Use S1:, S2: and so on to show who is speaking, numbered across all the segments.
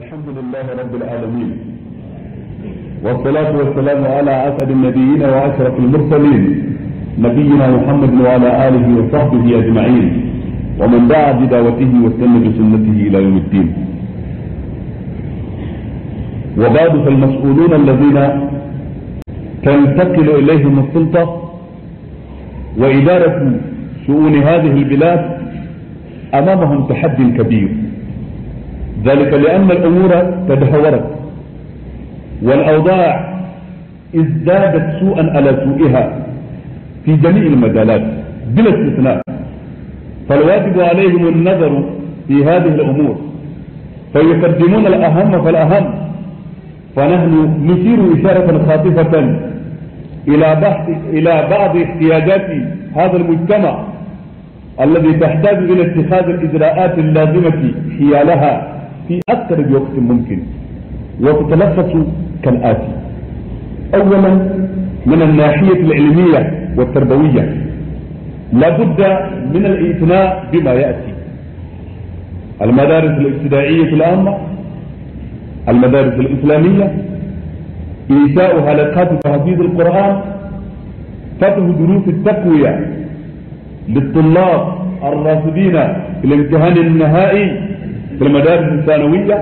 S1: الحمد لله رب العالمين والصلاة والسلام على أسعد النبيين وأشرف المرسلين نبينا محمد وعلى آله وصحبه أجمعين ومن دعا بدعوته واستنى بسنته إلى يوم الدين وبعد فالمسؤولون الذين تنتقل إليهم السلطة وإدارة شؤون هذه البلاد أمامهم تحدي كبير ذلك لأن الأمور تدهورت والأوضاع ازدادت سوءا على سوءها في جميع المجالات بلا استثناء فالواجب عليهم النظر في هذه الأمور فيقدمون الأهم فالأهم فنحن نشير إشارة خاطفة إلى بحث إلى بعض احتياجات هذا المجتمع الذي تحتاج إلى اتخاذ الإجراءات اللازمة حيالها في أقرب وقت ممكن وتتلخص كالآتي أولا من الناحية العلمية والتربوية لابد من الاعتناء بما يأتي المدارس الابتدائية العامة المدارس الإسلامية إيتاء حلقات تهذيب القرآن فتح دروس التقوية للطلاب الراصدين في الامتحان النهائي في المدارس الثانوية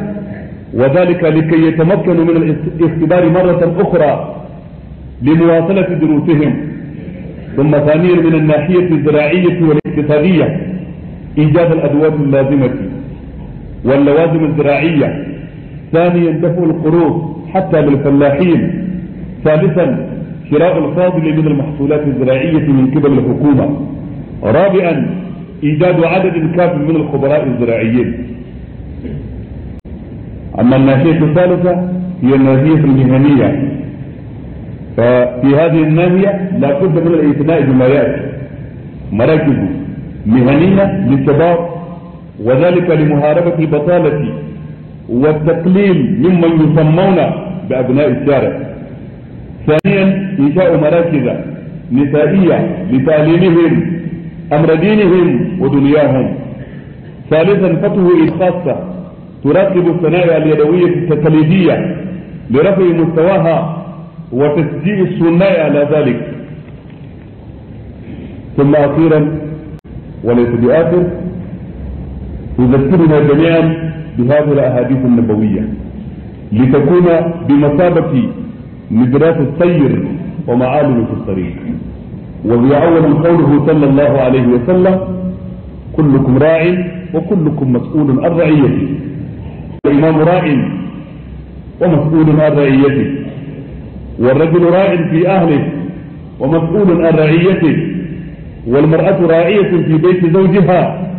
S1: وذلك لكي يتمكنوا من الاختبار مرة أخرى لمواصلة دروسهم ثم ثانيا من الناحية الزراعية والاقتصادية إيجاد الأدوات اللازمة واللوازم الزراعية ثانيا دفع القروض حتى للفلاحين ثالثا شراء الفاضل من المحصولات الزراعية من قبل الحكومة رابعا إيجاد عدد كاف من الخبراء الزراعيين أما الناحية الثالثة هي الناحية المهنية ففي هذه الناحية لا بد من الاعتناء بما يأتي مراكز مهنية للشباب وذلك لمحاربة البطالة والتقليل ممن يسمون بأبناء الشارع ثانيا إنشاء مراكز نسائية لتعليمهم أمر دينهم ودنياهم ثالثا فتوه الخاصة تركب الصنايع اليدوية التقليدية لرفع مستواها وتسجيل الصناع على ذلك ثم أخيرا وليس بآخر يذكرنا جميعا بهذه الأحاديث النبوية لتكون بمثابة مدراس السير ومعالم في الطريق وبأول قوله صلى الله عليه وسلم كلكم راع وكلكم مسؤول عن رعيته الإمام راع ومسؤول عن رعيته والرجل راع في أهله ومسؤول عن رعيته والمرأة راعية في بيت زوجها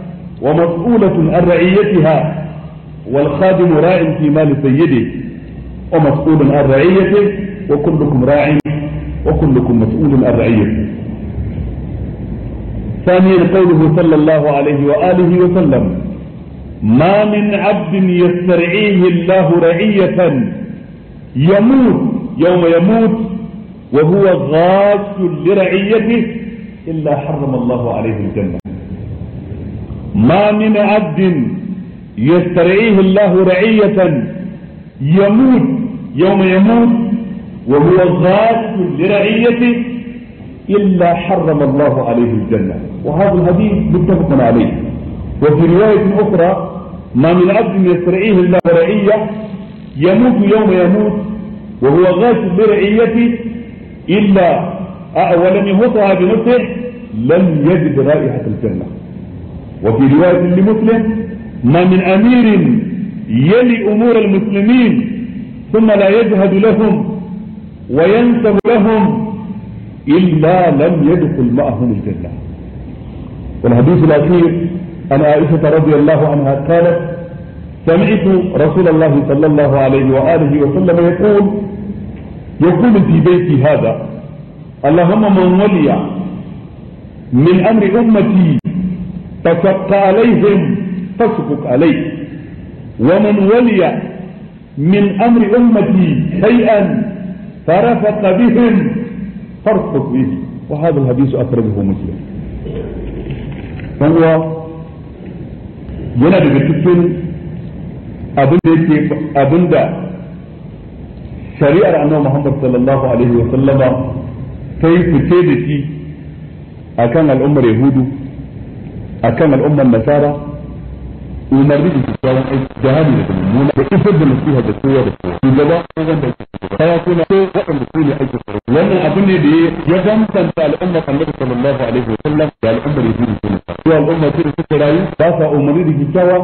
S1: ومسؤولة عن رعيتها والخادم راع في مال سيده ومسؤول عن رعيته وكلكم راع وكلكم مسؤول عن رعيته ثانيا قوله صلى الله عليه وآله وسلم ما من عبد يسترعيه الله رعية يموت يوم يموت وهو غاس لرعيته إلا حرم الله عليه الجنة ما من عبد يسترعيه الله رعية يموت يوم يموت وهو غاس لرعيته إلا حرم الله عليه الجنة وهذا الحديث متفق عليه وفي رواية أخرى ما من عبد يسترعيه الله رعية يموت يوم يموت وهو غاش برعيته إلا ولم يموتها بنفسه لم يجد رائحة الجنة وفي رواية لمسلم ما من أمير يلي أمور المسلمين ثم لا يجهد لهم وينسب لهم إلا لم يدخل معهم الجنة والحديث الأخير عن عائشة رضي الله عنها قالت سمعت رسول الله صلى الله عليه وآله وسلم يقول يقول في بيتي هذا اللهم من ولي من أمر أمتي فشق عليهم فاشقق عليه ومن ولي من أمر أمتي شيئا فرفق بهم فارفق به وهذا الحديث أخرجه مسلم فهو yana daga cikin abin da yake abin da shari'ar annabi Muhammad sallallahu alaihi wa sallama ta yi fice da shi akan al'ummar yahudu akan al'ummar nasara umarni da kyakkyawan aiki da hali da mummuna da isar da nasiha da kowa da kowa shugaba ko wanda yake sarakuna ko waɗanda su ne aikin sarki wannan abu ne da ya bambanta al'ummar annabi sallallahu alaihi wa sallam da al'ummar yahudu sun sa su al'umma ce da suka rayu ba sa umarni da kyakkyawa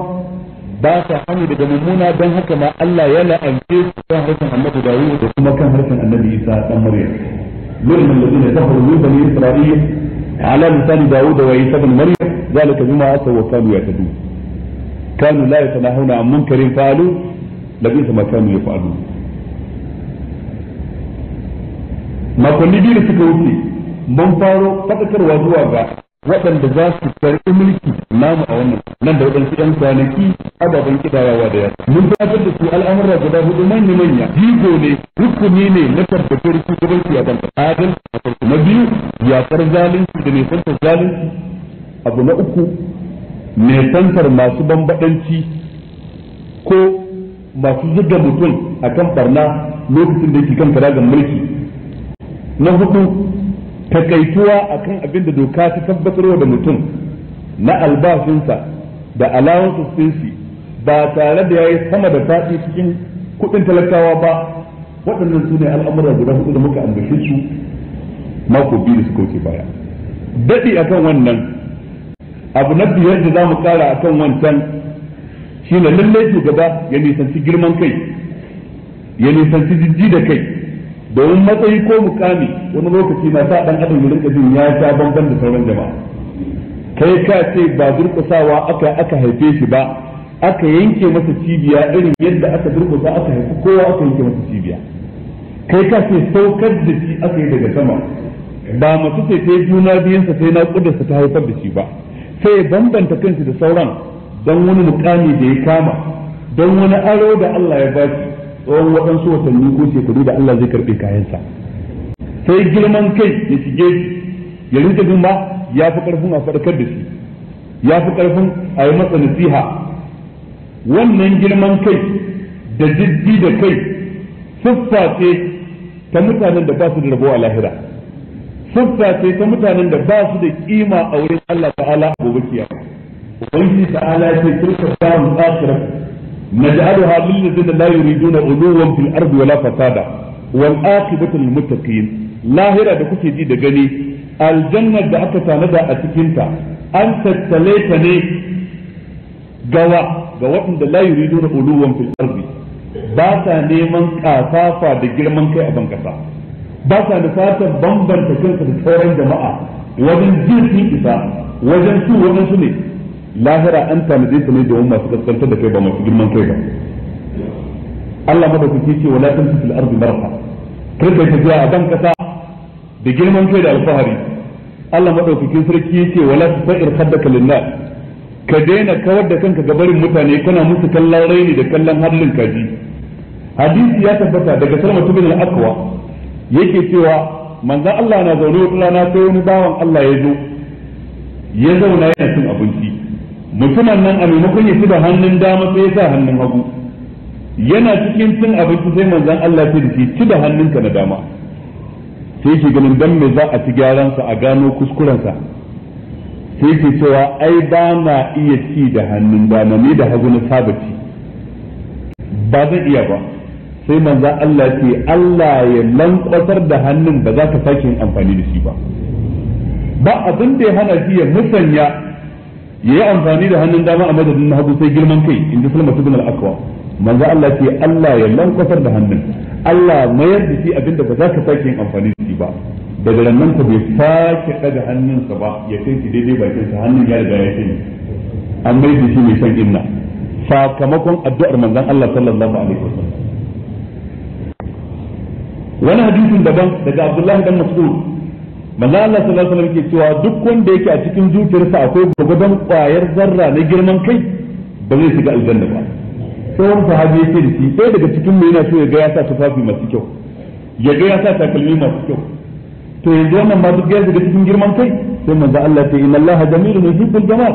S1: ba sa hani daga mummuna don haka ma Allah ya la'ance su kan harshen annabi Dawud da kuma kan harshen annabi Isa dan Maryam لعن الذين كفروا من بني اسرائيل على لسان داوود وعيسى بن مريم ذلك بما عصوا وكانوا يعتدون kanu la yatanahuna an munkarin fa'alu la bisa ma kanu yaf'alu makonni biyu da suka wuce mun faro fadakarwa zuwa ga waɗanda za su karɓi mulki namu a wannan nan da waɗansu ɗan kwanaki ababen kidayawa da yasa mun tabbatar da su al'amura guda hudu manya manya jigo ne rukuni ne na tabbatar shugabanci a kan na biyu yakar zalunci da nisan zalunci abu na uku Mai nisantar masu bambadanci ko masu zuga mutum a kan barna lokacin da yake kan karagar mulki na hudu takaituwa a kan abin da doka ta tabbatarwa da mutum na albashinsa da alawansu sinsi ba tare da ya yi sama da faɗi cikin kuɗin talakawa ba waɗannan su ne al'amuran guda hudu da muka ambace su mako biyu da suka wuce baya daɗi akan wannan abu na biyar da za mu kara kan wancan shi lalle lallai shugaba ya nisanci girman kai ya nisanci jijji da kai domin matsayi ko mukami wani lokaci na sa dan adam ya rinka ya sha banban da sauran jama'a kai ka ce ba durƙusawa aka aka haife shi ba aka yanke masa cibiya irin yadda aka durƙusa aka haifi kowa aka yanke masa cibiya kai ka ce saukar da shi aka yi daga sama ba masu ce sai juna biyansa sai na kudarsa ta haifar da shi ba sai ya bambanta kansa da sauran don wani mukami da ya kama don wani aro da Allah ya bashi tsawon waɗansu watanni ko shekaru da Allah zai karɓe kayansa sai girman kai ya shige shi ya rinka jin ba ya fi ƙarfin a faɗakar da shi ya fi ƙarfin a yi masa nasiha wannan girman kai da jiddi da kai siffa ce ta mutanen da ba su da rabo a lahira siffa ce ta mutanen da ba su da kima a wurin Allah ta'ala a gobe kiyama ubangiji ta'ala ce tilka ado, halin naj'aluha lil ladina la yuriduna uluwan fil ardi wala fasada wal aqibatu lil muttaqin lahira da kuke ji da gani aljanna da aka tanada a cikin ta an tattale ta ne gawa ga waɗanda la yuriduna uluwan fil ardi ba ta neman kafafa da girman kai a ban kasa ba sa nufatan bambanta kansa da sauran jama'a wajen jirgin isa wajen su wajen su ne lahira an tanade su ne domin masu kaskantar da kai ba masu girman kai ba Allah madaukaki ce wala tamshi fil ardi marha kar kai tafiya a ban kasa da girman kai da alfahari Allah madaukakin sarki yace wala tasair haddaka lillah ka daina kawar da kanka ga barin mutane kana musu kallon raini da kallon hallin kaji hadisi ya tabbata daga salma bin al-aqwa yake cewa manzan Allah na zaune wata rana sai wani bawan Allah ya zo ya zauna yana cin abinci mutumin nan a maimakon ya ci da hannun dama sai ya sa hannun hagu yana cikin cin abinci sai manzan Allah ya ce ci da hannunka na dama sai yake ganin dan me za a ci gyaran sa a gano kuskurensa sai yake cewa ai ba na iya ci da hannun dama ni da hagu na saba ba zan iya ba sai manzan Allah ce Allah ya lankwasar da hannun ba za ka sake yin amfani da shi ba ba abin da ya hana shi ya musanya ya yi amfani da hannun dama a madadin na hagu sai girman kai in ji sulma ibn al-akwa manzan Allah ce Allah ya lankwasar da hannun Allah mayar da shi abin da ba za ka sake yin amfani da shi ba daga nan ka bai sake ɗaga hannunsa ba ya kai shi daidai bakinsa hannun ya riga ya kai an mai da shi mai son inna sakamakon addu'ar manzan Allah sallallahu alaihi wasallam wani hadisin daban daga abdullahi dan mas'ud manzo Allah sallallahu alaihi wasallam ke cewa duk wanda yake a cikin zuciyarsa akwai gogodon kwayar zarra na girman kai ba zai shiga aljanna ba sai wani sahabi yake da shi sai daga cikin mu yana so ya ga ya sa tufafi masu kyau ya ga ya sa takalmi masu kyau to yanzu wannan ma duk ya shiga cikin girman kai sai manzo Allah ta inna Allah jamilun yuhibbul jamal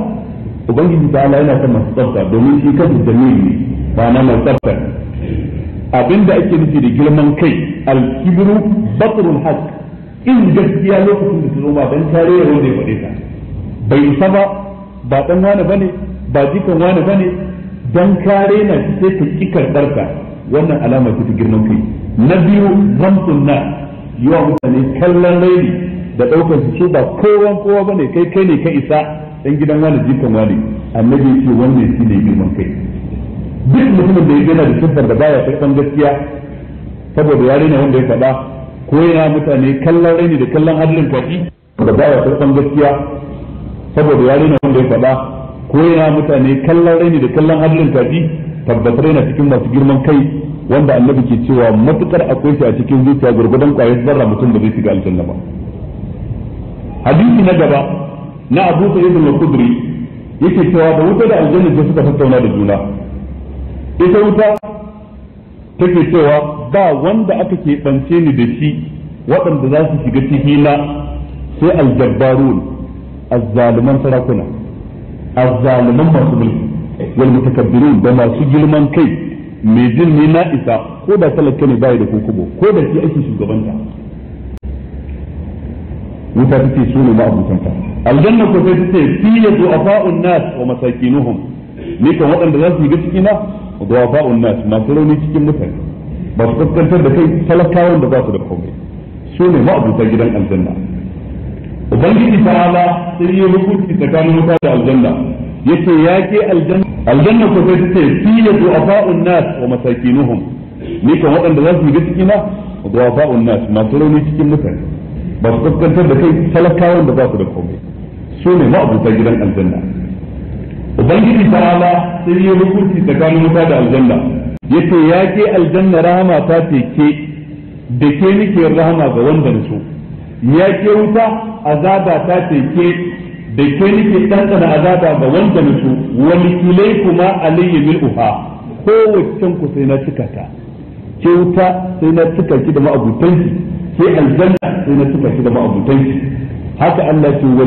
S1: ubangiji ta Allah yana son masu tsafta domin shi kansa jamil ba na masu tsafta abinda ake nufi da girman kai Alkibiru, kibru batrul haqq in gaskiya lokacin da tuno ba ma dan kare yaro ne faɗe ta bai isa ba ba dan wani bane ba jikan wani bane dan kare na sai ka kikar barka wannan alama ce ta girman kai na biyu zamtun na yawa mutane kallon raini da ɗaukar su ba kowan kowa bane kai kai ne ka isa dan gidan wani jikan wani annabi ya ce wannan shine girman kai duk mutumin da ya gina da siffar da baya kan gaskiya saboda yare ne wanda ya faɗa ko yana mutane kallon raini da kallon adalin kafi da ba ya san gaskiya saboda yare ne wanda ya faɗa ko yana mutane kallon raini da kallon adalin kaki tabbatar yana cikin masu girman kai wanda annabi ke cewa matukar akwai shi a cikin zuciya gurgudan kwayar zarra mutum da zai shiga aljanna ba hadisi na gaba na Abu Sa'id al-Khudri yake cewa da wuta da aljanna da suka tattauna da juna ita wuta take cewa ba wanda aka ke keɓance ni da shi waɗanda za su shiga ciki na sai aljabbarun azzaluman sarakuna azzaluman masu mulki wal mutakabbirun da masu girman kai mai jin ni na isa ko da talaka ne bai da kokobo ko da shi ake shugabanta wuta take so ne ba abutan aljanna ko sai take fi yadu afa'un nas wa masakinuhum ni kan waɗanda za su shiga ciki na da ba'un nas masu rauni cikin mutane ba su kaskantar da kai talakawan da ba su da komai su ne ma'abuta gidan aljanna ubangiji ta'ala sai ya hukunci tsakanin wuta da aljanna yace ya ke aljanna aljanna ko sai tace fi du'afa'un nas wa masakinuhum ni kan waɗanda za su yi ciki na du'afa'un nas masu rauni cikin mutane ba su kaskantar da kai talakawan da ba su da komai su ne ma'abuta gidan aljanna ubangiji ta'ala sai ya hukunci tsakanin wuta da aljanna yace ya ke aljanna rahama ta ce ke da ke nake rahama ga wanda na so ya ke wuta azaba ta ce ke da ke nake tantana azaba ga wanda na so wa kuma alayhi bil uha kowace ku sai na cika ta ke wuta sai na cika ki da ki ke aljanna sai na cika ki da ki haka Allah ce wa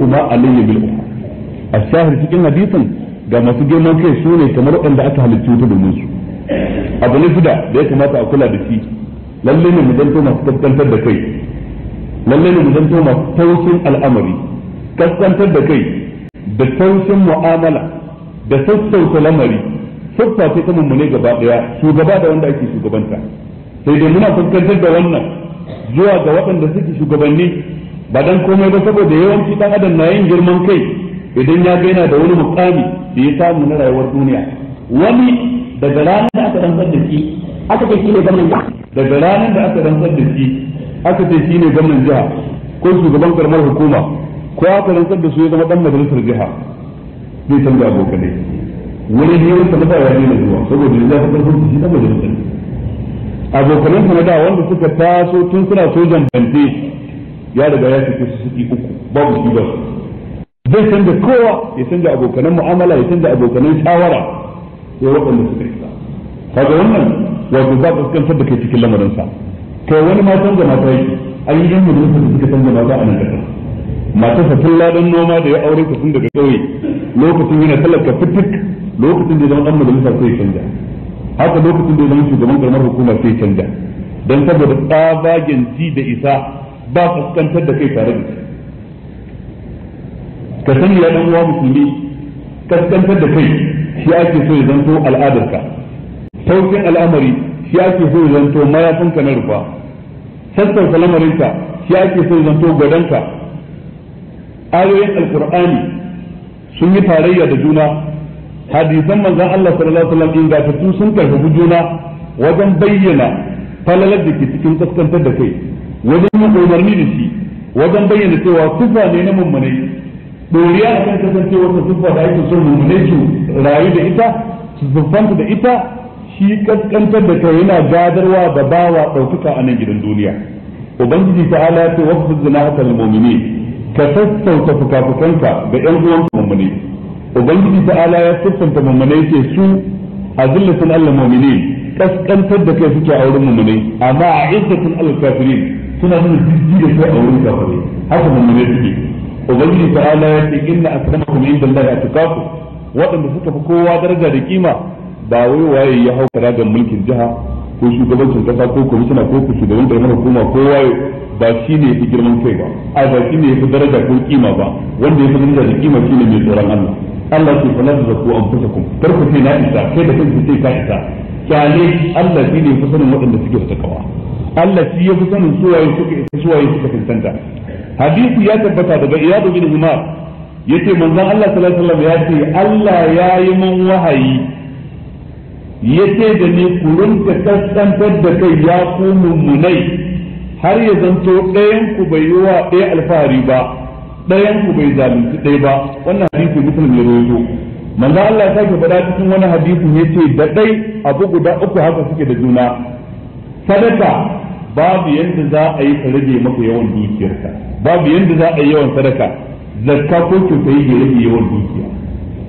S1: kuma alayhi bil uha a shahar cikin hadisin ga masu girman kai su ne kamar wanda aka halittu ta domin su abu ne da ya kamata a kula da shi lalle ne mu zanto masu kaskantar da kai lalle ne mu zanto masu tausin al'amari kaskantar da kai da tausin mu'amala da sassauta lamari siffa ce ta mummune gaba daya shugaba da wanda ake shugabanta sai dai muna kaskantar da wannan zuwa ga waɗanda suke shugabanni ba dan komai ba saboda yawanci dan adam na yin girman kai idan ya ga yana da wani mukami da ya samu na rayuwar duniya wani daga ranar da aka rantsar da shi aka ce shine gwamnan jiha daga ranar da aka rantsar da shi aka ce shine gwamnan jiha ko shugaban karamar hukuma ko aka rantsar da su ya zama dan majalisar jiha zai canza abokanai wani biyar sa na da ya nuna zuwa saboda yanzu aka karfin su shi dan majalisar abokanan sa na da wanda suka taso tun suna sojan bante ya riga ya fice su suke uku babu shi ba su zai canza kowa ya canza abokanan mu'amala ya canza abokanan shawara ya waɗanda suka isa kaga wannan wato za ka fuskantar da kai cikin lamarinsa kai wani ma canza mata yake an yi yanzu majalisa da suka canza mata a nan mata sa tun ladan noma da ya aure ka tun daga ƙauye lokacin yana talaka fitik lokacin da ya zama ɗan majalisa sai ya canja haka lokacin da ya zama shugaban karamar hukuma sai ya canja don saboda tsabagen ji da isa ba fuskantar da kai tare da shi ka sani ya dan uwa musulmi kaskantar da kai shi ake so ya zanto al'adarka saukin al'amari shi ake so ya zanto mayafinka na rufa sassan salamarinka shi ake so ya zanto gadonka ayoyin alkur'ani sun yi tarayya da juna hadisan manzon Allah sallallahu alaihi wasallam ingantattu sun karfafi juna wajen bayyana falalar da ke cikin kaskantar da kai wajen umarni da shi wajen bayyana cewa kufa ne na mummunai doriya a kan kasance wata siffa da ake son mummunai su rayu da ita su siffanta da ita shi kaskantar da kai yana gadarwa da bawa ɗaukaka a nan gidan duniya ubangiji ta ala ya ce wasu zinata al-mu'minin ka sassauta fukafukanka ga yan uwan mummuni ubangiji ta ala ya sassanta mummunai ke su a azillatin al-mu'minin kaskantar da kai suke a wurin mummunai amma a izzatin al-kafirin suna nuna jijji da kai a wurin kafirai haka mummunai suke ubangiji ala ya ce inna akramakum indallahi atqakum waɗanda suka fi kowa daraja da kima ba wai waye ya hau karagan mulkin jiha ko shugabancin kasa ko komishina ko shugaban karamar hukuma ko waye ba shi ne ya fi girman kai ba a ba shi ne ya fi daraja ko kima ba wanda ya fi daraja da kima shi ne mai tsoron Allah Allah ke fana da zaku an fusa kun karku sai na isa kai da kanka sai ka isa kyale Allah shi ne ya fi sanin waɗanda suke da takawa Allah shi ya fi sanin suwaye suka isa suwaye suka tantanta hadisi ya tabbata daga iyadu bin umar yace manzon Allah sallallahu alaihi wasallam ya ce Allah ya yi mun wahayi yace da ni ku ka kasantar da kai ya ku mummunai har ya zanto ɗayan ku bai yi wa ɗaya alfahari ba ɗayan ku bai zalunci ɗaya ba wannan hadisi mutum ya rawaito manzo Allah ya sake faɗa cikin wani hadisi yace da ɗai abu guda uku haka suke da juna sadaka babu yadda za a yi ka rage maka yawan dukiyarka babu yadda za a yi yawan sadaka zakka ko kyauta yi ya rage yawan dukiya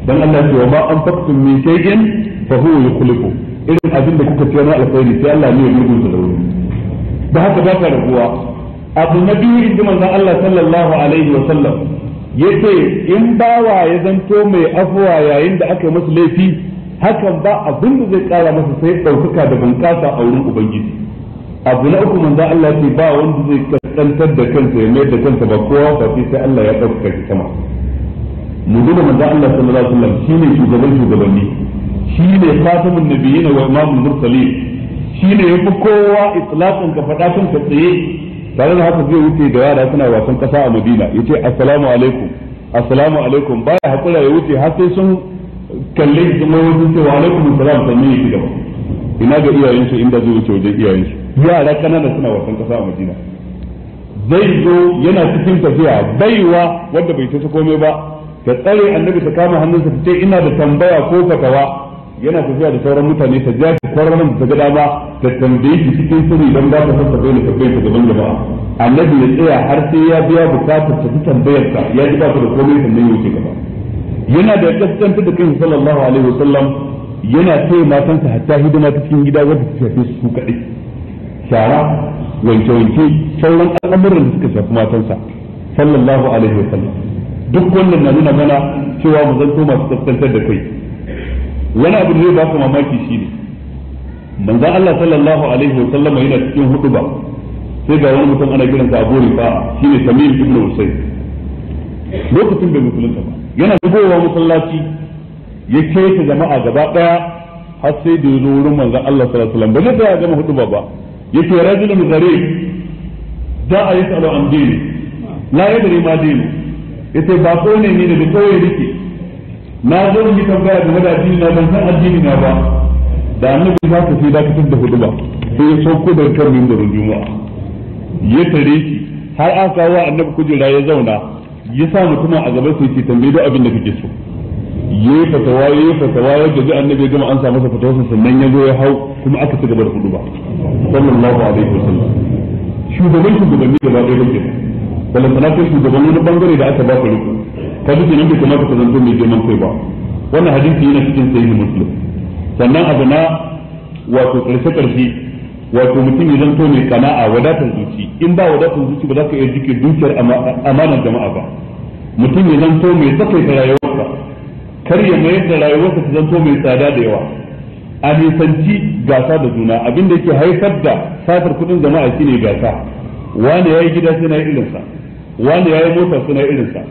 S1: dan Allah ya ce wa ma an faktum min shay'in fa huwa yukhlifu irin abin da kuka ce na alkhairi sai Allah ne ya rubuta da wuri da haka ba ka rabuwa abu na biyu inji manzon Allah sallallahu alaihi wa sallam yace in bawa ya zanto mai afuwa yayin da aka yi masa laifi hakan ba abin da zai kara masa sai ɗaukaka da bunƙasa a wurin ubangiji abu na uku manzo Allah ce ba wanda zai kaskantar da kansa ya mai da kansa ba kowa ba sai Allah ya dauka shi sama mu duba manzo Allah sallallahu alaihi wasallam shine shugaban shugabanni shine khatamun nabiyyin wa imamul mursalin shine yafi kowa itlaqan ka fada kan ka tsaye tare da haka zai wuce da yara suna wasan kasa a Madina yace assalamu alaikum assalamu alaikum baya hakura ya wuce har sai sun kalle su mai wajen cewa alaikum assalam sannan ya ci gaba ina ga iyayensu inda zai wuce wajen iyayensu yara kanana suna wasan kasa a madina zai zo yana cikin tafiya baiwa wanda bai ta komai ba ta tsare annabi ta kama hannunsa ta ce ina da tambaya ko fatawa yana tafiya da sauran mutane ta ja ta kwararren da ta ga dama ta tambaye shi cikin sani don ba ta sassa bai da tabbai ta gaban jama'a annabi ya tsaya har sai ya biya bukatar ta tambayarsa ya ji ba ta da komai sannan ya wuce gaba yana da gaskanta da kai sallallahu alaihi wasallam yana sai matansa hatta hidima ta cikin gida wadda ta shafe su kaɗai shara wanke-wanke sauran al'amuran da suka shafi matansa sallallahu alaihi wa sallam duk wannan na nuna mana cewa mu zanto masu kaskantar da kai wani abu da zai baka mamaki shine manzon Allah sallallahu alaihi wa sallam yana cikin hutuba sai ga wani mutum ana kiransa Abu Rifa shine Tamim ibn wasai. lokacin bai musulunta ba yana zubowa masallaci ya keta jama'a gaba daya har sai da yazo wurin manzon Allah sallallahu alaihi wasallam ba zai ya gama hudu ba yake rajulun gharib da a yasalu an dini la yadri ma dini yace ba ko ne ni da koyi nake na zo ni tambaya game da addini na ban san addini na ba da annabi ba ka sai dakatar da hudu ba sai ya sauko da kan mimbarin juma'a ya tare shi har an kawo annabi kujera ya zauna ya sa mutum a gaba sai ce tambaye duk abin da kake so yi fatawa yi waye. yadda ji annabi gama an samu sannan ya zo ya hau kuma aka ci gaba da sallallahu alaihi wasallam shugaban shugabanni gaba da wala sana bangare da aka ba riko ka duke nan ka zanto mai girman kai ba wannan hadisi yana cikin muslim sannan abu na wato karshe karshe wato mutum ya zanto mai kana'a wadatar zuci in ba wadatar zuci ba za ka iya jike dukiyar amanar jama'a ba mutum ya zanto mai rayuwa kar ya mayar da rayuwarsa ta zanto mai tsada da yawa a nisanci gasa da juna abin da ke haifar da satar kudin jama'a shine gasa wani yayi gida suna irinsa wani yayi mota suna irinsa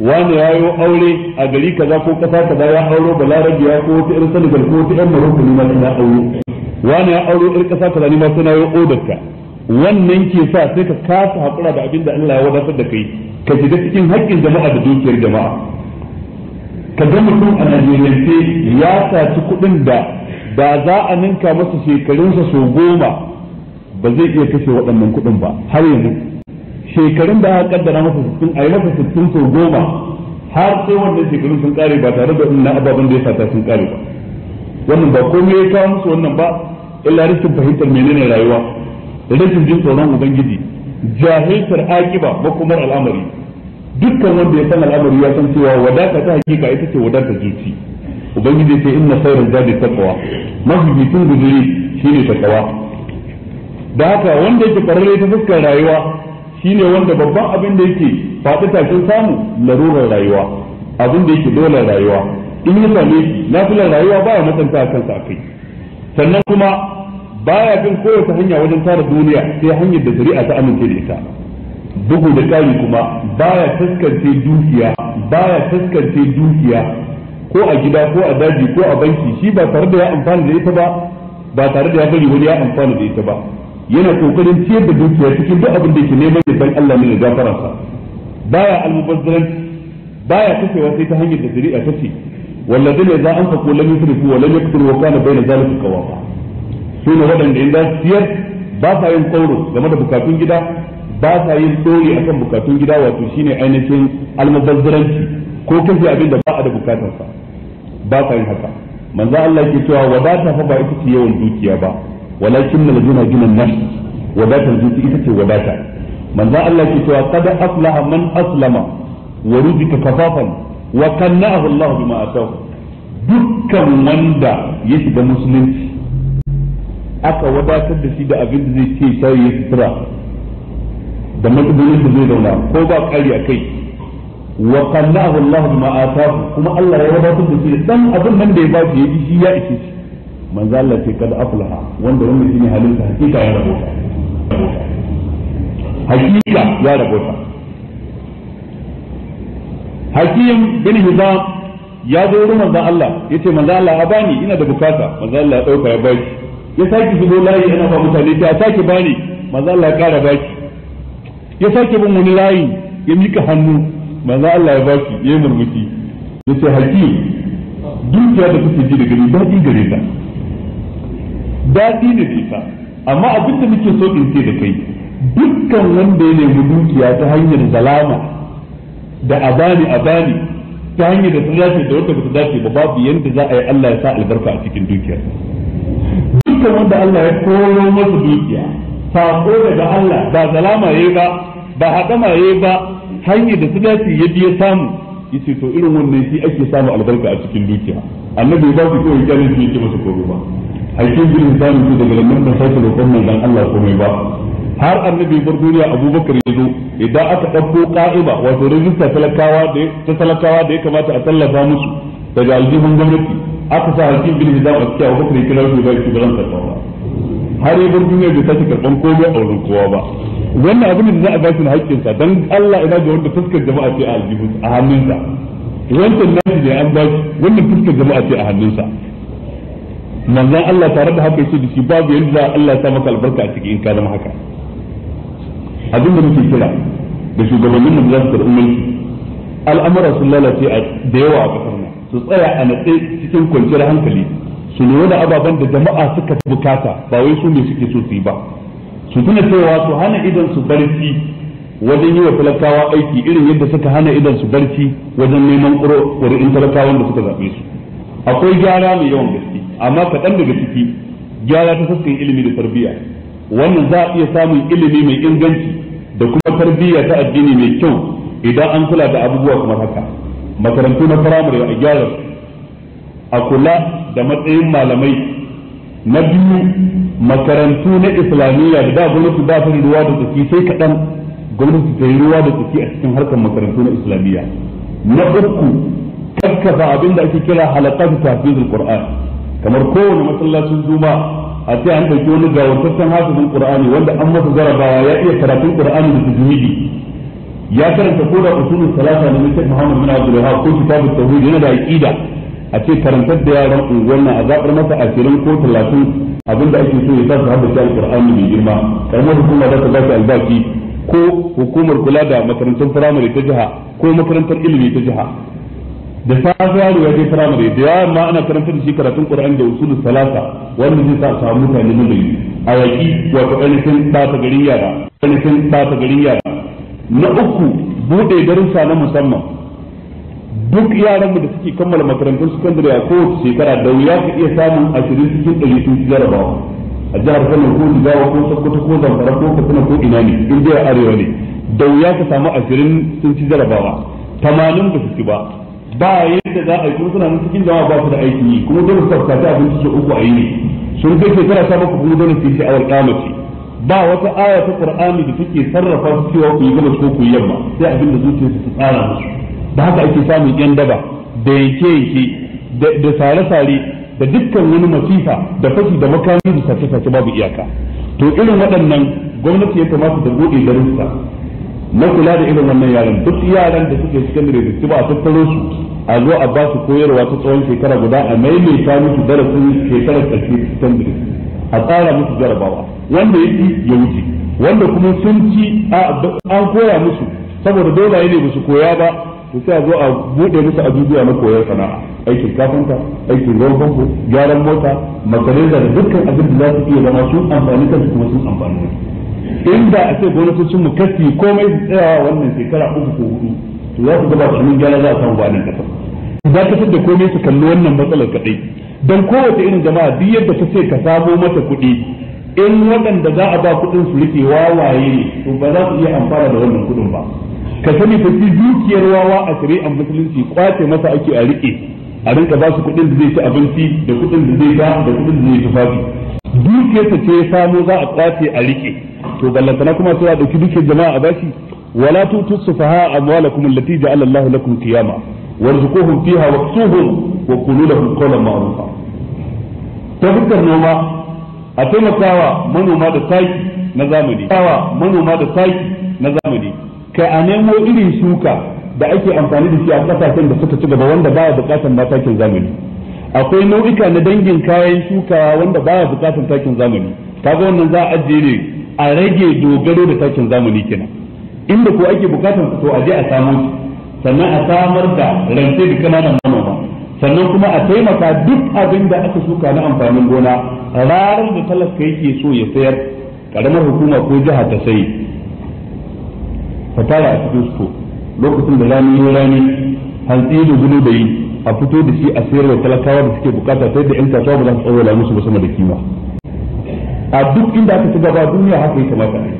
S1: wani ya yi aure a gari kaza ko kasa kaza ya auro balarabiya ko wata irin senegal ko wata yan maroko ne ma suna auro wani ya auro irin kasa kaza ne ma suna yi odarka wannan ke sa sai ka kasa hakura da abin da Allah ya wadatar da kai ka shiga cikin haƙƙin jama'a da dukiyar jama'a ka ga mutum a najeriyance ya saci kuɗin da ba za a ninka masa shekarunsa sau goma ba zai iya kashe waɗannan kuɗin ba har yanzu shekarun da aka kaddara masa sittin a yi masa sittin sau goma har sai wannan shekarun sun kare ba tare da wannan ababen da ya sata sun kare ba wannan ba komai ya kawo musu wannan ba illa rashin fahimtar menene rayuwa rashin jin tsoron ubangiji jahiltar akiba makomar al'amari dukkan wanda ya san al'amari ya san cewa wadata ta hakika ita ce wadata zuci ubangiji ce inna khairal zadi taqwa mafi bitin guzuri shine taqwa da haka wanda yake kwararre ta fuskar rayuwa shine wanda babban abin da yake faɗi tashin samu larurar rayuwa abin da yake dole rayuwa in ya same nafilar rayuwa baya matsanta a kansa akai sannan kuma baya bin kowace hanya wajen tara duniya sai hanyar da shari'a ta amince da ita bugu da ƙari kuma baya taskance dukiya baya taskance dukiya ko a gida ko a daji ko a banki shi ba tare da ya amfana da ita ba ba tare da ya bari wani ya amfana da ita ba yana kokarin ciyar da dukiya cikin duk abin da ke neman da san Allah ne da gafararsa baya almubazzaranci baya kashewa sai ta hanyar da shari'a ta ce za idza anfaqu lam yusrifu wa lam yaqtiru wa kana bayna zalika qawama sune waɗanda in za ciyar ba sa yin kauro game da bukatun gida ba sa yin dole akan bukatun gida wato shine ainihin almubazzaranci ko kashe abin da ba a da bukatarsa ba sa yin haka manzo Allah ke cewa wadata fa ba ita ce yawan dukiya ba walakin al gina gina nafs wadatar zuci ita ce wadata manzo Allah ke cewa qad aflaha man aslama wa ruzika kafafan wa qanna'ahu Allah bima atahu dukkan wanda ya shiga musulunci aka wadatar da shi da abin da zai ce sai ya sutura da matsugunin su zai zauna ko ba ƙari a kai wa qallahu Allah bima atahu kuma Allah ya wadatar da shi dan abin nan da ya ba shi shi ya ishe shi manzo Allah ce kada aflaha wanda wannan shine halin sa hakika ya rabota hakika ya rabota hakim bin hizam ya zo wurin manzo Allah yace manzo Allah a bani ina da bukata manzo Allah ya dauka ya baki ya saki shigo layi ina ba mutane ta saki bani manzo Allah ya kara baki ya sake bin wani layi ya mika hannu manzo Allah ya bashi ya murmushi ya ce haƙi dukiya da kuke ji da gani daɗi gare ta daɗi ne da ita amma abin da muke so in ce da kai dukkan wanda ya nemi dukiya ta hanyar zalama da abani abani ta hanyar da ta dace da wanda ba ta dace ba babu yadda za a yi Allah ya sa albarka a cikin dukiya dukkan wanda Allah ya koro masa dukiya sako daga Allah ba zalama ya ba ba haɗama yayi ba hanyar da su dace ya biya samu yace to irin wannan shi ake samu albarka a cikin dukiya annabi ba ku koyi kyanin su yake masa koro ba hakin bin insani su daga nan ba sai roƙon nan dan Allah komai ba har annabi bar duniya Abubakar ya zo idan aka ɗauko ƙa'iba wato rijista ta talakawa da ya kamata a tallafa musu daga aljihun gwamnati aka sa hakin bin Hizam a cikin Abubakar ya kira su ga shugaban sarkawa har ya bar duniya bai sake karban komai a wurin kowa ba wannan abin da za a bashi na haƙƙinsa dan Allah ina ga wanda fuskar jama'a ce a aljihu a hannunsa wancan nashi ne an bashi wannan fuskar jama'a ce a hannunsa manzon Allah tare da haka yace da shi babu yanda Allah ya sa maka albarka a cikin ka zama haka abin da muke kira da shugabannin mu za su karɓi mulki al'amura sun lalace da yawa a kasar nan su tsaya a natse cikin kwanciyar hankali su lura da ababen da jama'a suka bukata ba wai su ne suke so su yi ba su tuna cewa su hana idan su barci wajen yi wa talakawa aiki irin yadda suka hana idan su barci wajen neman ƙuri'in talakawan da suka zaɓe su akwai gyara mai yawan gaske amma kaɗan daga ciki gyara ta fuskan ilimi da tarbiyya wannan za a iya samun ilimi mai inganci da kuma tarbiyya ta addini mai kyau idan an kula da abubuwa kamar haka makarantu na firamare a gyara su a kula da matsayin malamai na biyu makarantu na islamiyya da da gwamnati ba su ruwa da tsaki sai kaɗan gwamnati ta yi ruwa da tsaki a cikin harkar makarantu na islamiyya na uku kakkafa abin da ake kira halakatu tafizul qur'an kamar kowane masallacin zuma a ce an ɗauki wani gawartaccen hafizin qur'ani wanda an masa jarabawa ya iya karatun qur'ani da tajwidi ya karanta ko da usulul salata na Sheikh Muhammad bin Abdul ko kitabut tauhid yana da aqida a ce karantar da yaran unguwar na a zaɓar masa ashirin ko talatin abinda ake so ya sa su haɗa shi alƙur'ani mai girma karamar hukuma za ta ba su albashi ko hukumar kula da makarantar firamare ta jiha ko makarantar ilimi ta jiha da safe yaro ya je firamare da yawa ma ana karantar da shi karatun qur'ani da usulul salasa wanda zai sa a samu mutane na a yaƙi wato ainihin ɓata garin yara ainihin ɓata garin yara na uku buɗe darussa na musamman duk yaran da suke kammala makarantun secondary a kowace shekara da wuya ka iya samun ashirin cikin ɗari sun ci jarabawa a jihar Kano ko Jigawa ko Sokoto ko Zamfara ko Katsina ko ina ne in dai arewa ne da wuya ka samu ashirin sun ci jarabawa tamanin ba su ci ba ba yadda za a yi suna nan cikin jama'a ba su da aiki yi kuma dole su tafkata abinci ke uku a yi ne sun kai shekara ta bakwai kuma dole su yi sha'awar ƙyamace ba wata aya ta Qur'ani da take sarrafa su cewa ku yi gaba ko ku yi yamma sai abin da zuciyarsu su tsara musu da haka ake samun yan daba da yanke yanke da sare sare da dukkan wani masifa da fashi da makami da sace sace babu iyaka to irin waɗannan gwamnati ya kamata da buɗe garinsa na kula da irin wannan yaran duk yaran da suke cikin da ba a tattaro su a zo a ba su koyarwa ta tsawon shekara guda a maimaita musu darasin shekarar ƙarshe cikin a tsara musu jarabawa wanda ya ci ya wuce wanda kuma sun ci an koya musu saboda dole ne ba su koya ba to sai a zo a bude musu abubuwa na koyar sana'a aikin kafinta aikin ruwan famfo gyaran mota makarai da dukkan abin da za su iya zama sun amfani kansu kuma sun amfani inda a ce sun mu kafi komai su tsaya wannan shekara uku ko hudu to za su gaba su mun gyara za a samu bayanin kasar ta da komai su kalli wannan matsalar kaɗai don kowace irin jama'a duk yadda ta ce ka samo mata kuɗi in waɗanda za a ba kuɗin su rike wawaye ne to ba za su iya amfana da wannan kuɗin ba ka sani ka ci dukiyar wawa a a musulunci kwace masa ake a rike a rinka ba su kuɗin da zai ci abinci da kuɗin da zai ga da kuɗin da zai tufafi dukiyarsa ce ya samu za a kwace a rike to ballantana kuma sai a ɗauki dukiyar jama'a a bashi wala tutu sufaha amwalakum allati ja'ala Allahu lakum qiyama warzuquhum fiha waqtuhum wa qulu lahum qawlan ma'rufa ta fitar noma a taimakawa manoma da taki na zamani taimakawa manoma da taki na zamani kai a nemo irin shuka da ake amfani da shi a kasashen da suka ci gaba wanda baya bukatar ba takin zamani akwai nau'ika na dangin kayan shukawa wanda baya bukatar takin zamani kaga wannan za a ajiye ne a rage dogaro da takin zamani kenan inda ko ake bukatar to a je a samu sannan a samar da rance da kananan manoma sannan kuma a taimaka duk abin da aka shuka na amfanin gona rarar da talaka yake so ya sayar karamar hukuma ko jiha ta sayi fatara a cikin su lokacin da rani ya rani hantsi da gudu da yi a fito da shi a sayar da talakawa da suke bukata ta yadda 'yan kasuwa ba za su tsawo musu ba sama da kima a duk inda aka ci gaba duniya haka ya kamata a yi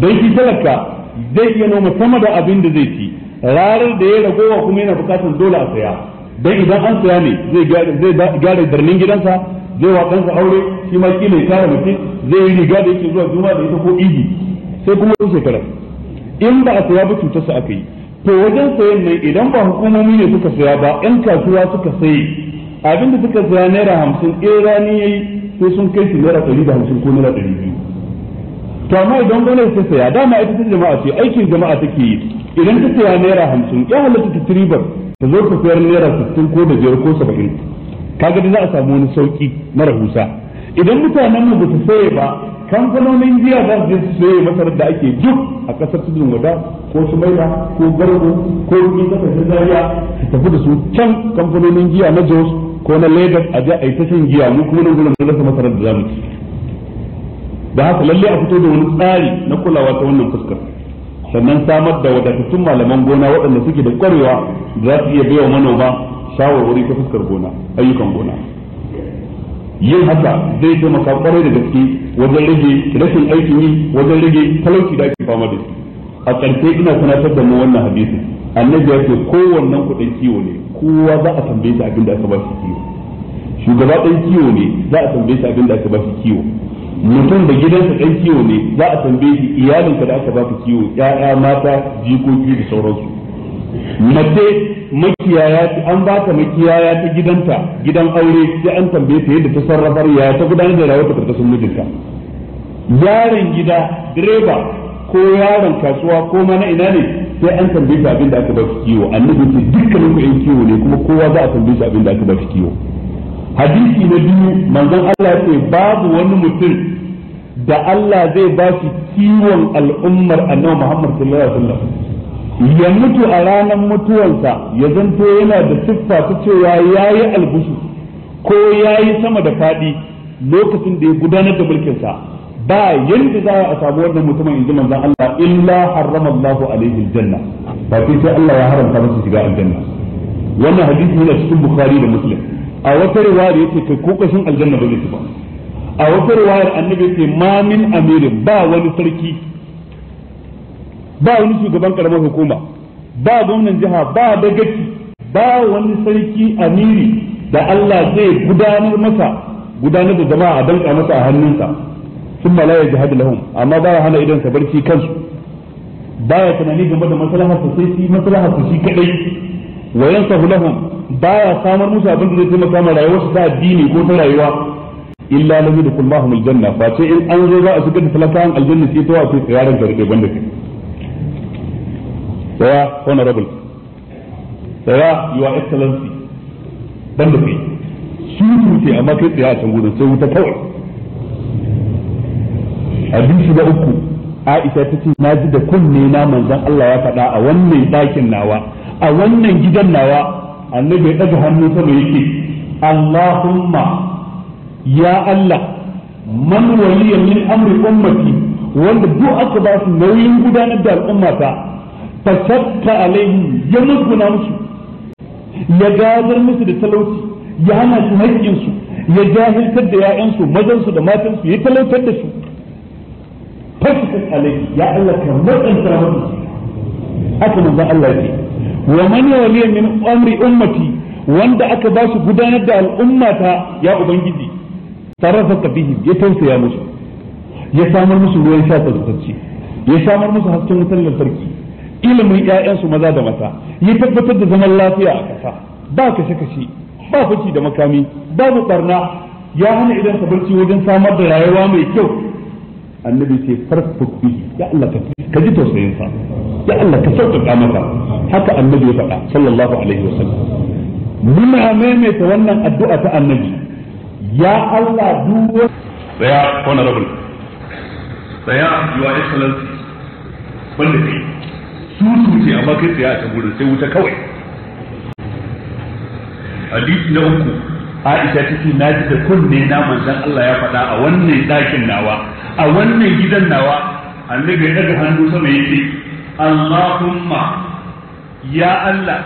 S1: dai shi talaka zai iya noma sama da abin da zai ci rarar da ya ragowa kuma yana bukatar dole a saya dan idan an saya ne zai gyara birnin gidansa zai wa aure shi ma kila ya kare mutum zai yi riga da yake zuwa juma'a da ita ko idi sai kuma wani shekarar in ba a saya ba cutar su aka yi to wajen sayan ne idan ba hukumomi ne suka saya ba yan kasuwa suka saye abin da suka saya naira hamsin in rani ya yi sai sun kai su naira ɗari da hamsin ko naira ɗari biyu to amma idan gwamnati ta saya dama ita ta jama'a ce aikin jama'a take yi idan ta saya naira hamsin ya halatta ta tribar ta zo ka sayar naira sittin ko da biyar ko saba'in kaga da za a samu wani sauki na rahusa idan mutanen mu ba su saye ba kamfanonin jiya za su soye masarar da ake duk a kasar tudun wada ko sumaila ko gargo ko rubi kasashen zaria su tafi da su can kamfanonin jiya na jos ko na lagos a je a yi tashin jiya giya mu kuma nan gurin da rasa masarar da zamu ci da haka lalle a fito da wani tsari na kulawa ta wannan fuskar sannan samar da wadatattun malaman gona waɗanda suke da kwarewa za su iya baiwa manoma shawarwari ta fuskar gona ayyukan gona yin haka zai taimaka kwarai da gaske wajen rage rashin aikin yi wajen rage talauci da ake fama da su. a ƙarshe ina tunatar da mu wannan hadisi annabi ya ce kowannen kuɗin kiwo ne kowa za a tambaye shi abin da aka ba shi kiwo shugaba ɗan kiwo ne za a tambaye shi abin da aka ba shi kiwo mutum da gidansa ɗan kiwo ne za a tambaye shi iyalinka da aka ba ka kiwo ƴaƴa mata jikoki da sauransu mace makiyaya an ba ta makiyaya ta gidanta gidan aure sai an tambaye ta yadda ta sarrafar yaya ta gudanar da rayuwarta karkashin mijinta yaron gida direba ko yaron kasuwa ko ma na ina ne sai an tambaye ta abin da aka ba su kiwo annabi ce dukkanin ku ɗan kiwo ne kuma kowa za a tambaye su abin da aka ba su kiwo hadisi na biyu manzon Allah ya ce babu wani mutum da Allah zai ba shi kiwon al'ummar annabi Muhammad sallallahu alaihi wasallam ya mutu a ranar mutuwarsa ya zanto yana da siffa ta cewa ya yi albusu ko ya yi sama da faɗi lokacin da ya gudanar da mulkinsa ba yadda za a samu wannan mutumin inji manzan Allah illa harrama Allahu alaihi aljanna ba sai sai Allah ya haramta masa shiga aljanna wannan hadisi yana cikin bukhari da muslim a wata riwaya yake kai ko kashin aljanna ba zai ci ba a wata riwayar annabi yake ma min amirin ba wani sarki ba wani shugaban karamar hukuma ba gwamnan jiha ba dagaci ba wani sarki amiri da Allah zai gudanar masa gudanar da jama'a a danka masa a hannunsa sun ma la jihad lahum amma ba ya hana idan sa barci kansu ba ya tunani game da maslahar su sai shi maslahar su shi kadai wa yansahu lahum ba ya samar musu abin da zai taimaka ma rayuwar su ta addini ko ta rayuwa illa lam yadkhulnahum aljanna ba ce in an zo za a shiga da talakawan aljanna sai to a ce tsiraran garbe banda kai tsaya honorable tsaya your excellency ban da kai su ce amma kai tsaye a can gudun sai wuta kawai A duk da uku Aisha ta ce na ji da kunne na manzan Allah ya faɗa a wannan ɗakin nawa a wannan gidan nawa annabi ya ɗaga hannu sama yake Allahumma ya Allah man waliya min amri ummati wanda duk aka ba su nauyin gudanar da al'ummata fashatta alaihim ya musguna musu ya gadar musu da talauci ya hana su haƙƙinsu ya jahiltar da ‘ya'yansu mazansu da matansu ya talautar da su fashatta alaihim ya Allah ka matsanta musu haka manzo Allah ke. wa mani man waliya min amri ummati wanda aka ba su gudanar da al'ummata ya ubangiji sarrafa bihi ya tausaya musu ya samar musu ruwan sha tsarkace ya samar musu hasken wutar lantarki ilimin ƴaƴansu maza da mata ya tabbatar da zaman lafiya a ƙasa ba kashe ba da makami babu barna ya hana idan ka barci wajen samar da rayuwa mai kyau annabi ce farfuk ya Allah ka ka ji tausayin sa ya Allah ka sauƙaƙa masa haka annabi ya faɗa sallallahu alaihi wasallam muna maimaita wannan addu'a ta annabi ya Allah duk tsaya honorable tsaya your excellency wanda kai su su ce amma kai tsaye a can sai wuta kawai hadisi na uku Aisha take na ji da kunne na manzan Allah ya faɗa a wannan ɗakin nawa a wannan gidan nawa annabi ya daga hannu sama yace Allahumma ya Allah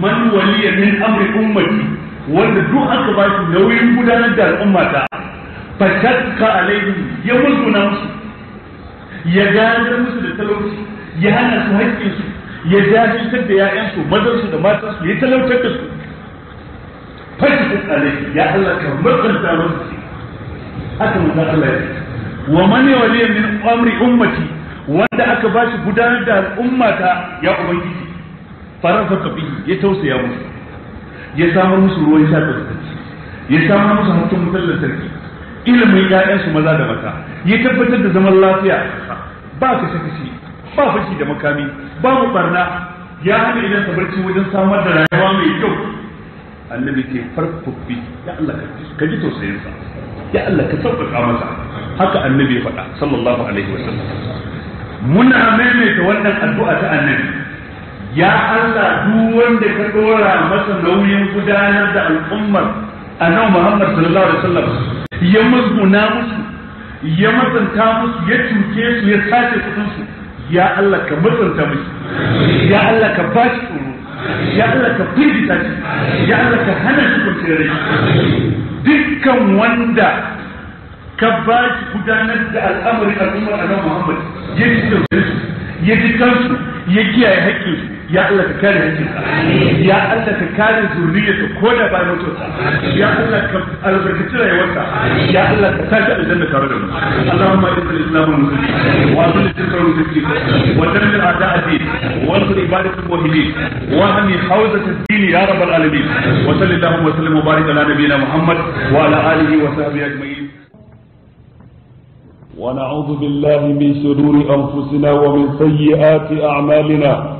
S1: man waliya min amri ummati wanda duk aka ba shi nauyin gudanar da al'ummata fa shakka alaihim ya mulkuna musu ya gane musu da talauci ya hana su haƙƙinsu ya jajirtar da ‘ya'yansu mazansu da matansu ya talautar da su fasikin alaihi ya Allah ka matsanta musu ce Aka mutum Allah ya ce wa mani waliya min amri ummati wanda aka ba shi gudanar da al'ummata ya ubangiji farafa biyu ya tausaya musu ya samar musu ruwan sha da ya samar musu hakkun mutum lantarki ilimin ‘ya'yansu maza da mata ya tabbatar da zaman lafiya ba ka sakaci ba fashi da makami ba mu barna ya hana idan ta barci wajen samar da rayuwa mai kyau annabi ke farfafi ya Allah ka ji tausayin sa ya Allah ka sauƙaƙa masa haka annabi ya faɗa sallallahu alaihi wasallam muna maimaita wannan addu'a ta annabi ya Allah duk wanda ka dora masa nauyin gudanar da al'ummar annabi Muhammad sallallahu alaihi wasallam ya musguna musu ya matsanta musu ya cuce su ya sace kudin su ya Allah ka mutunta mishi ya Allah ka ba shi tsoro ya Allah ka firgita shi ya Allah ka hana shi kwanciyar rai dukkan wanda ka ba shi gudanar da al'amari al'ummar annabi Muhammad ya ji tausayin ya ji kansu ya kiyaye hakkin su. ya Allah ka kare mutum ya Allah ka kare zuriyarsa ko da ba mutuwa ya Allah ka albarkaci rayuwarsa ya Allah ka tashi aljanna tare da mu Allahumma inna al-islamu wa zil shirkal muslimin wa dammir a'da ad-din wa ansur ibadat al-muwahhidin wa ahmi hawzat ad ya rabb alamin wa sallallahu wa sallam wa barik ala nabiyyina Muhammad wa ala alihi wa sahbihi ajma'in ونعوذ بالله من شرور انفسنا ومن سيئات اعمالنا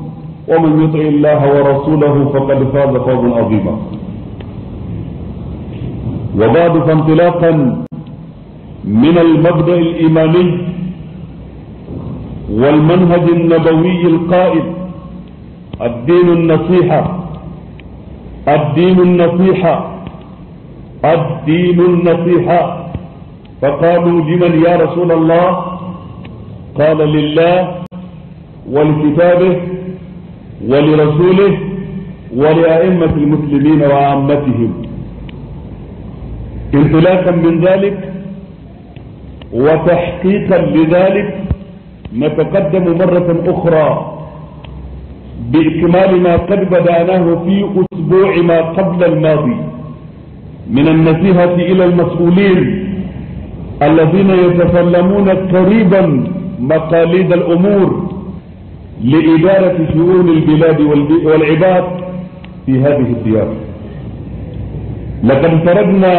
S1: ومن يطع الله ورسوله فقد فاز فوزا عظيما وبعد فانطلاقا من المبدا الايماني والمنهج النبوي القائد الدين النصيحه الدين النصيحه الدين النصيحه فقالوا لمن يا رسول الله قال لله ولكتابه ولرسوله ولأئمة المسلمين وعامتهم انطلاقا من ذلك وتحقيقا لذلك نتقدم مرة أخرى بإكمال ما قد بدأناه في أسبوع ما قبل الماضي من النصيحة إلى المسؤولين الذين يتسلمون قريبا مقاليد الأمور لإدارة شؤون البلاد والعباد في هذه الديار لقد سردنا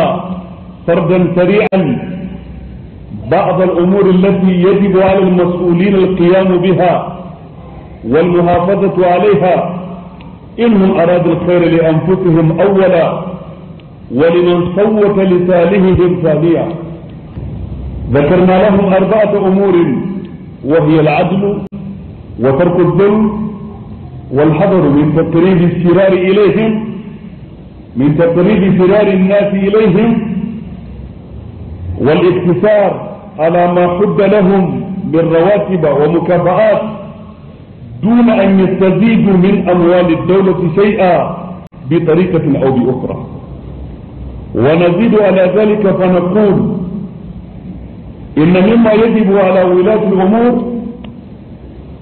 S1: فردا سريعا بعض الأمور التي يجب على المسؤولين القيام بها والمحافظة عليها إنهم أرادوا الخير لأنفسهم أولا ولمن صوت لسالههم ثانيا ذكرنا لهم أربعة أمور وهي العدل وترك الظلم والحذر من تقريب الفرار إليهم من تقريب فرار الناس إليهم والاقتصار على ما حد لهم من رواتب ومكافآت دون أن يستزيدوا من أموال الدولة شيئا بطريقة أو بأخرى ونزيد على ذلك فنقول إن مما يجب على ولاة الأمور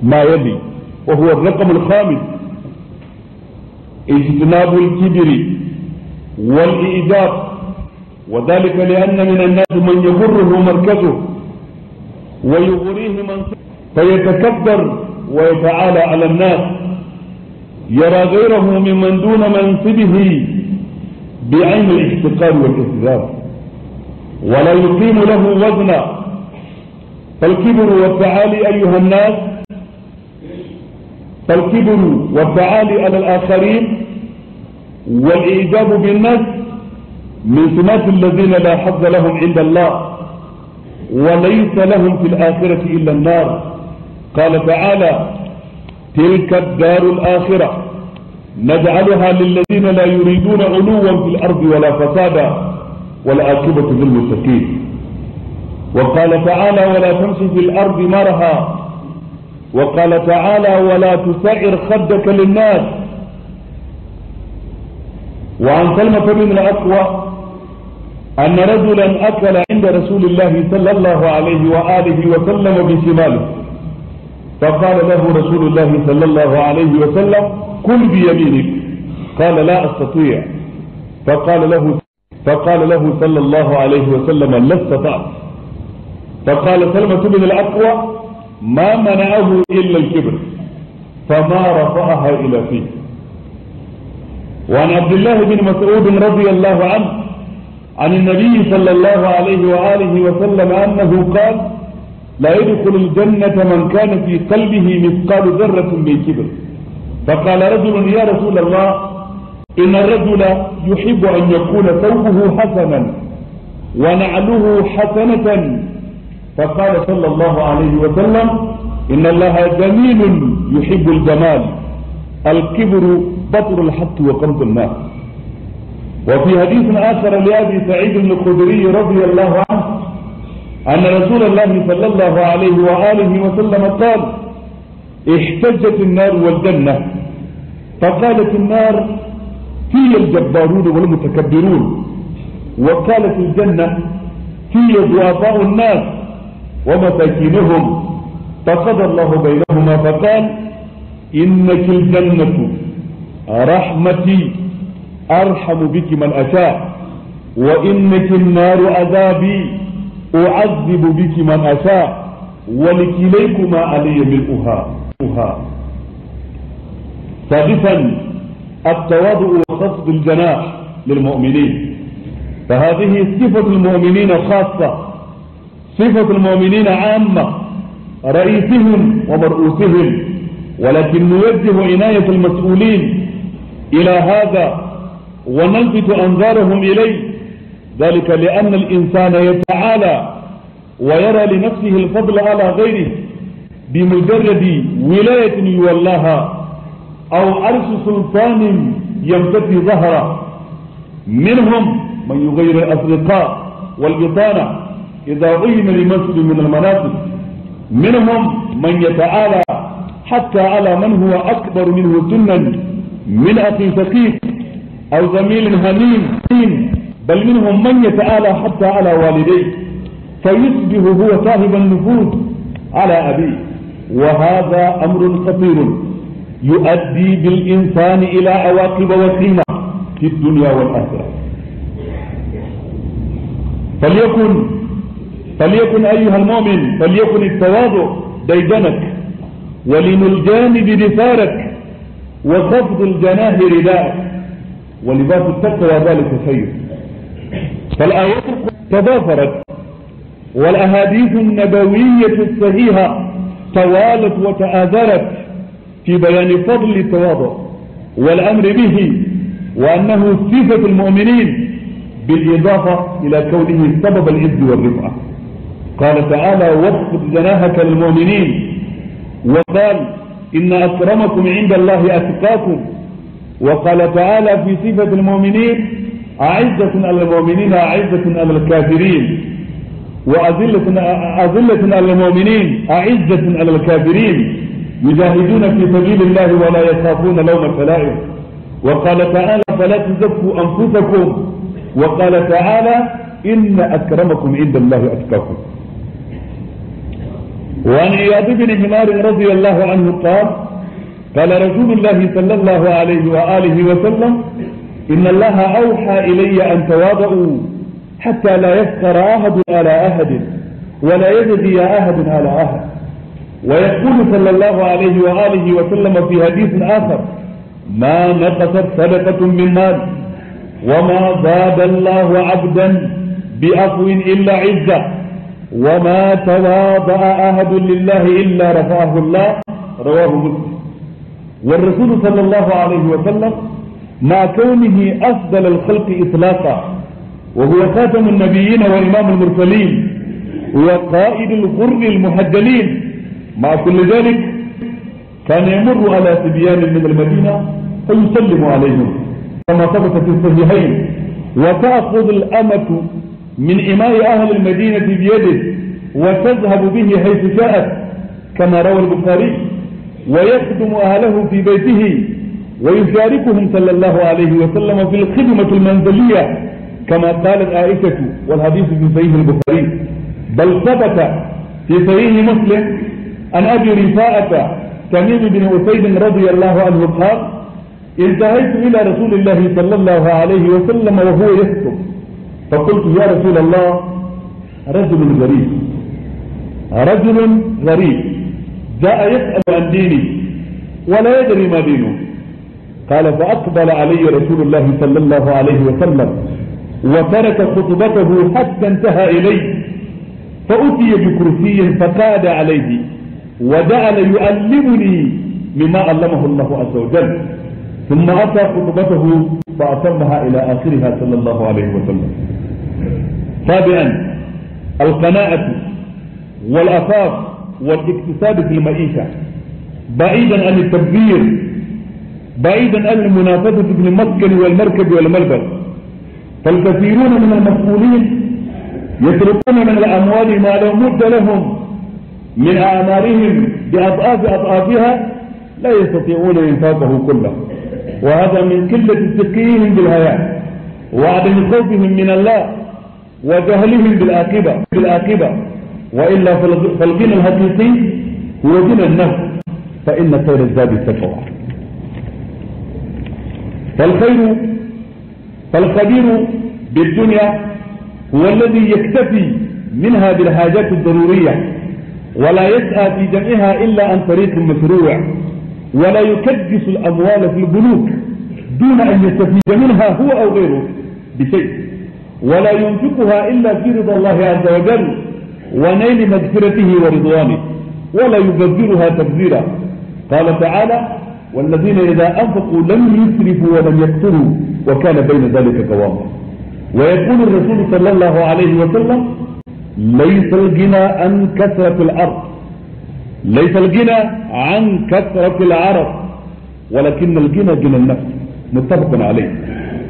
S1: ما يلي وهو الرقم الخامس اجتناب الكبر والإيجاب وذلك لأن من الناس من يغره مركزه ويغريه من فيتكبر ويتعالى على الناس يرى غيره ممن دون منصبه بعين الاحتقار والاستذاب ولا يقيم له وزنا فالكبر والتعالي أيها الناس فالكبر والتعالي على الآخرين والإعجاب بالناس من سمات الذين لا حظ لهم عند الله وليس لهم في الآخرة إلا النار قال تعالى تلك الدار الآخرة نجعلها للذين لا يريدون علوا في الأرض ولا فسادا والعاقبة للمتقين وقال تعالى ولا تمشي في الأرض مرها وقال تعالى ولا تسعر خدك للناس وعن سلمة بن الأقوى أن رجلا أكل عند رسول الله صلى الله عليه وآله وسلم بشماله فقال له رسول الله صلى الله عليه وسلم كل بيمينك قال لا أستطيع فقال له فقال له صلى الله عليه وسلم لا استطعت فقال سلمة بن الأقوى ما منعه إلا الكبر فما رفعها إلى فيه وعن عبد الله بن مسعود رضي الله عنه عن النبي صلى الله عليه وآله وسلم أنه قال لا يدخل الجنة من كان في قلبه مثقال ذرة من كبر فقال رجل يا رسول الله إن الرجل يحب أن يكون ثوبه حسنا ونعله حسنة فقال صلى الله عليه وسلم إن الله جميل يحب الجمال الكبر بطر الحق وقمت الماء وفي حديث آخر لأبي سعيد الخدري رضي الله عنه أن رسول الله صلى الله عليه وآله وسلم قال احتجت النار والجنة فقالت النار هي الجبارون والمتكبرون وقالت الجنة هي ضعفاء الناس ومساكينهم فقضى الله بينهما فقال إنك الجنة رحمتي أرحم بك من أشاء وإنك النار عذابي أعذب بك من أشاء ولكليكما علي ملؤها سادسا التواضع وخفض الجناح للمؤمنين فهذه صفة المؤمنين خاصة صفة المؤمنين عامة رئيسهم ومرؤوسهم ولكن نوجه عناية المسؤولين إلى هذا ونلفت أنظارهم إليه ذلك لأن الإنسان يتعالى ويرى لنفسه الفضل على غيره بمجرد ولاية يولاها أو عرش سلطان يمتد ظهره منهم من يغير الأصدقاء والبطانة إذا بين لمنصب من المناصب منهم من يتعالى حتى على من هو أكبر منه سنا من أخي فقيه أو زميل هميم بل منهم من يتعالى حتى على والديه فيصبح هو صاحب النفوذ على أبيه وهذا أمر خطير يؤدي بالإنسان إلى عواقب وخيمة في الدنيا والآخرة فليكن فليكن أيها المؤمن فليكن التواضع ديدنك الجانب دثارك وخفض الجناه رداءك ولباس التقوى ذلك خير فالآيات تضافرت والأحاديث النبوية الصحيحة توالت وتآذرت في بيان فضل التواضع والأمر به وأنه صفة المؤمنين بالإضافة إلى كونه سبب العز والرفعة قال تعالى واخفض جناحك للمؤمنين وقال إن أكرمكم عند الله أتقاكم وقال تعالى في صفة المؤمنين أعزة على المؤمنين أعزة على الكافرين وأذلة أذلة على المؤمنين أعزة على الكافرين يجاهدون في سبيل الله ولا يخافون لوم الفلائح وقال تعالى فلا تزكوا أنفسكم وقال تعالى إن أكرمكم عند الله أتقاكم وعن عياض بن حمار رضي الله عنه قال قال رسول الله صلى الله عليه وآله وسلم إن الله أوحى إلي أن تواضعوا حتى لا يفقر أحد على أحد ولا يجزي أحد على أحد ويقول صلى الله عليه وآله وسلم في حديث آخر ما نقصت صدقة من مال وما زاد الله عبدا بعفو إلا عزة وما تواضع أحد لله إلا رفعه الله رواه مسلم والرسول صلى الله عليه وسلم مع كونه أفضل الخلق إطلاقا وهو خاتم النبيين وإمام المرسلين وقائد القرن المحجلين مع كل ذلك كان يمر على صبيان من المدينة فيسلم عليهم كما ثبت في الصحيحين وتأخذ الأمة min imaai ahli اmadinati biyadih watdhabu bihi haysu jaءat kama rawa اlbukhariي wayakdmu ahlahu fi baytihi wayushaarikuhum salى اllahu alayhi waslama fi اlkhidmati اlmanziliya kama qalat aishatu wاlhadiisu fi sahihi اlbukhariي bal habata fi sahihi muslim an abi rifa'ata tamim bni usaydin radi allahu anhu qaal intahaytu ila rasuli اllahi salى اllahu alayhi waslama wahuwa yaktub فقلت يا رسول الله رجل غريب رجل غريب جاء يسأل عن ديني ولا يدري ما دينه قال فأقبل علي رسول الله صلى الله عليه وسلم وترك خطبته حتى انتهى إلي فأتي بكرسي فقاد عليه وجعل يؤلمني مما علمه الله عز وجل ثم أتى خطبته فأتمها إلى آخرها صلى الله عليه وسلم سابعا القناعة والأساس والاكتساب في المعيشة بعيدا عن التبذير بعيدا عن المنافسة في المسكن والمركب والملبس فالكثيرون من المسؤولين يتركون من الأموال ما لو مد لهم من أعمارهم بأضعاف أضعافها لا يستطيعون إنفاقه كله وهذا من قلة تقيهم بالحياة وعدم خوفهم من الله وجهلهم بالآقبة بالآقبة وإلا فالغنى الحقيقي هو غنى النفس فإن خير الزاد التقوى فالخير فالخبير بالدنيا هو الذي يكتفي منها بالحاجات الضرورية ولا يسعى في جمعها إلا عن طريق مشروع ولا يكدس الأموال في البنوك دون أن يستفيد منها هو أو غيره بشيء ولا ينفقها إلا في رضا الله عز وجل ونيل مغفرته ورضوانه ولا يبذرها تبذيرا قال تعالى والذين إذا أنفقوا لم يسرفوا ولم يقتروا وكان بين ذلك قواما ويقول الرسول صلى الله عليه وسلم ليس الغنى عن كثرة الأرض ليس الغنى عن كثرة العرب ولكن الغنى غنى النفس متفق عليه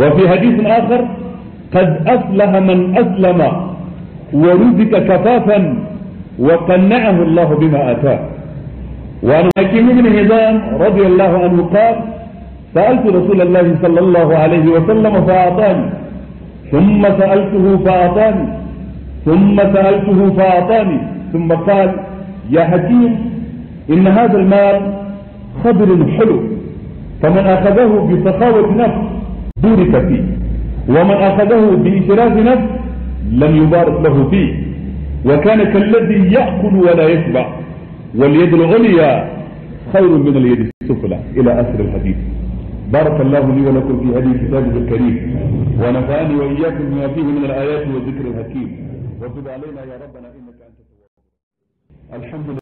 S1: وفي حديث آخر قد أفلح من أسلم ورزق كفافا وقنعه الله بما آتاه وعن حكيم بن هزام رضي الله عنه قال سألت رسول الله صلى الله عليه وسلم فأعطاني ثم سألته فأعطاني ثم سألته فأعطاني ثم قال يا حكيم إن هذا المال خبر حلو فمن أخذه بسخاوة نفس بورك فيه ومن أخذه بإشراف نفس لم يبارك له فيه وكان كالذي يأكل ولا يشبع واليد العليا خير من اليد السفلى إلى آخر الحديث بارك الله لي ولكم في هذه كتابه الكريم ونفعني وإياكم بما فيه من الآيات والذكر الحكيم وتب علينا يا ربنا إنك أنت الحمد لله